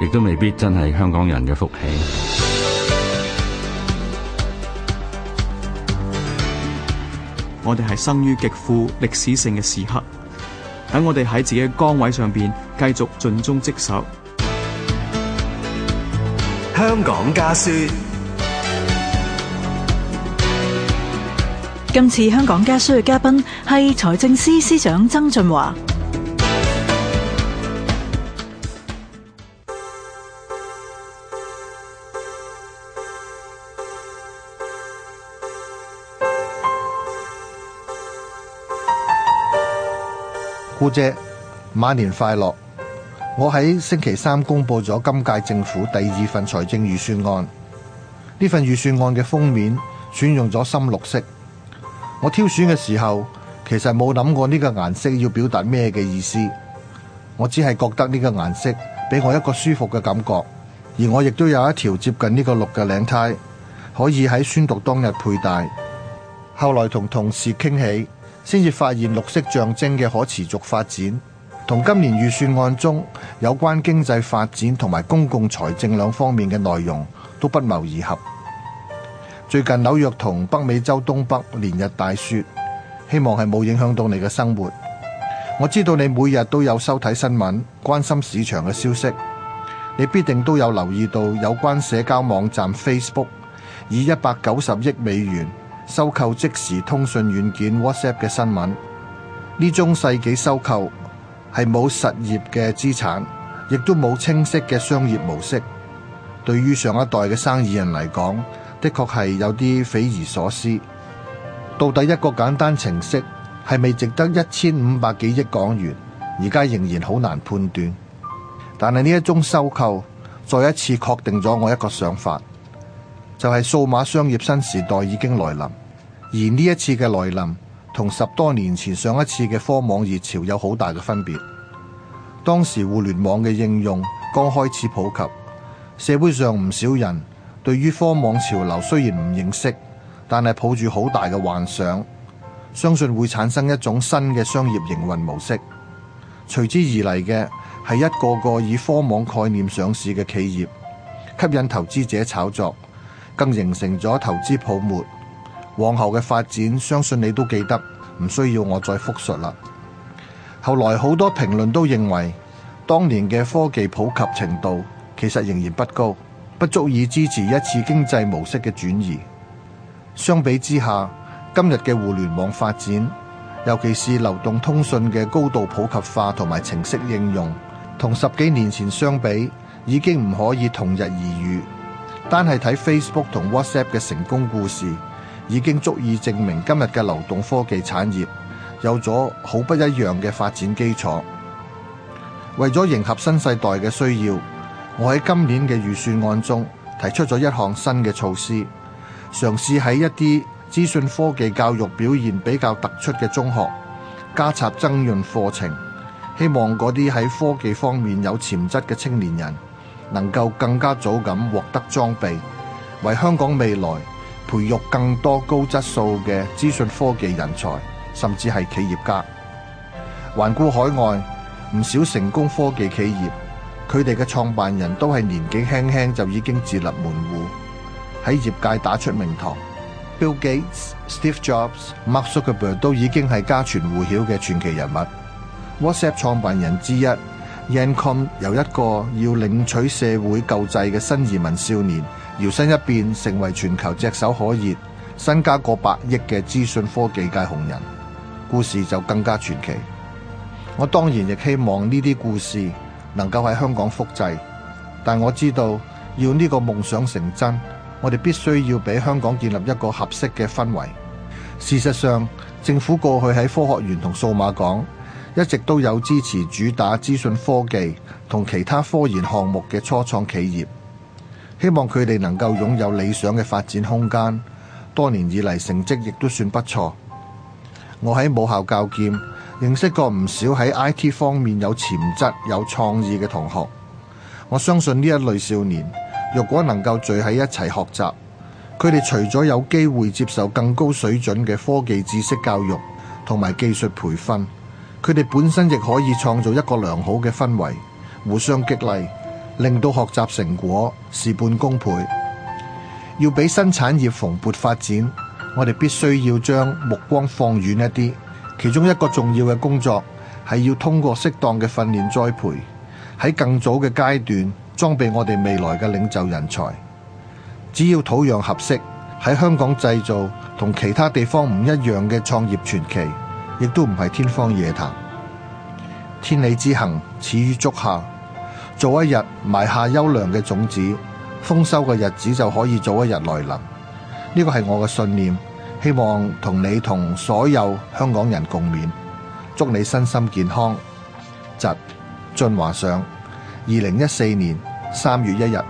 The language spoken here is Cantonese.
亦都未必真係香港人嘅福氣。我哋係生於極富歷史性嘅時刻，等我哋喺自己嘅崗位上邊繼續盡忠職守。香港家書。 今次香港家書嘅嘉賓係財政司司長曾俊華。姑姐，馬年快樂！我喺星期三公布咗今屆政府第二份財政預算案，呢份預算案嘅封面選用咗深綠色。我挑選嘅時候，其實冇諗過呢個顏色要表達咩嘅意思，我只係覺得呢個顏色俾我一個舒服嘅感覺，而我亦都有一條接近呢個綠嘅領呔，可以喺宣讀當日佩戴。後來同同事傾起。先至發現綠色象徵嘅可持續發展，同今年預算案中有關經濟發展同埋公共財政兩方面嘅內容都不謀而合。最近紐約同北美洲東北連日大雪，希望係冇影響到你嘅生活。我知道你每日都有收睇新聞，關心市場嘅消息，你必定都有留意到有關社交網站 Facebook 以一百九十億美元收購即時通訊軟件 WhatsApp 嘅新聞，呢宗世紀收購係冇實業嘅資產，亦都冇清晰嘅商業模式。對於上一代嘅生意人嚟講，的確係有啲匪夷所思。到底一個簡單程式係咪值得一千五百幾億港元？而家仍然好難判斷。但係呢一宗收購，再一次確定咗我一個想法，就係數碼商業新時代已經來臨。而呢一次嘅來臨，同十多年前上一次嘅科網熱潮有好大嘅分別。當時互聯網嘅應用剛開始普及，社會上唔少人對於科網潮流雖然唔認識，但係抱住好大嘅幻想，相信會產生一種新嘅商業營運模式。隨之而嚟嘅係一個個以科網概念上市嘅企業，吸引投資者炒作，更形成咗投資泡沫。往後嘅發展，相信你都記得，唔需要我再複述啦。後來好多評論都認為，當年嘅科技普及程度其實仍然不高，不足以支持一次經濟模式嘅轉移。相比之下，今日嘅互聯網發展，尤其是流動通訊嘅高度普及化同埋程式應用，同十幾年前相比，已經唔可以同日而語。單係睇 Facebook 同 WhatsApp 嘅成功故事。已經足以證明今日嘅流動科技產業有咗好不一樣嘅發展基礎。為咗迎合新世代嘅需要，我喺今年嘅預算案中提出咗一項新嘅措施，嘗試喺一啲資訊科技教育表現比較突出嘅中學加插增潤課程，希望嗰啲喺科技方面有潛質嘅青年人能夠更加早咁獲得裝備，為香港未來，培育更多高質素嘅資訊科技人才，甚至係企業家。環顧海外，唔少成功科技企業，佢哋嘅創辦人都係年紀輕輕就已經自立門戶，喺業界打出名堂。Bill Gates、Steve Jobs、Mark Zuckerberg 都已經係家傳戶曉嘅傳奇人物。WhatsApp 創辦人之一 Jan Koum 由一個要領取社會救濟嘅新移民少年，搖身一變，成為全球炙手可熱、身家過百億嘅資訊科技界紅人，故事就更加傳奇。我當然亦希望呢啲故事能夠喺香港複製，但我知道要呢個夢想成真，我哋必須要俾香港建立一個合適嘅氛圍。事實上，政府過去喺科學園同數碼港一直都有支持主打資訊科技同其他科研項目嘅初創企業。希望佢哋能夠擁有理想嘅發展空間。多年以嚟成績亦都算不錯。我喺母校教劍，認識過唔少喺 IT 方面有潛質、有創意嘅同學。我相信呢一類少年，若果能夠聚喺一齊學習，佢哋除咗有機會接受更高水準嘅科技知識教育同埋技術培訓，佢哋本身亦可以創造一個良好嘅氛圍，互相激勵。令到學習成果事半功倍，要俾新產業蓬勃發展，我哋必須要將目光放遠一啲。其中一個重要嘅工作係要通過適當嘅訓練栽培，喺更早嘅階段裝備我哋未來嘅領袖人才。只要土壤合適，喺香港製造同其他地方唔一樣嘅創業傳奇，亦都唔係天方夜譚。千里之行，始於足下。早一日埋下優良嘅種子，豐收嘅日子就可以早一日來臨。呢個係我嘅信念，希望同你同所有香港人共勉。祝你身心健康，曾俊華上，二零一四年三月一日。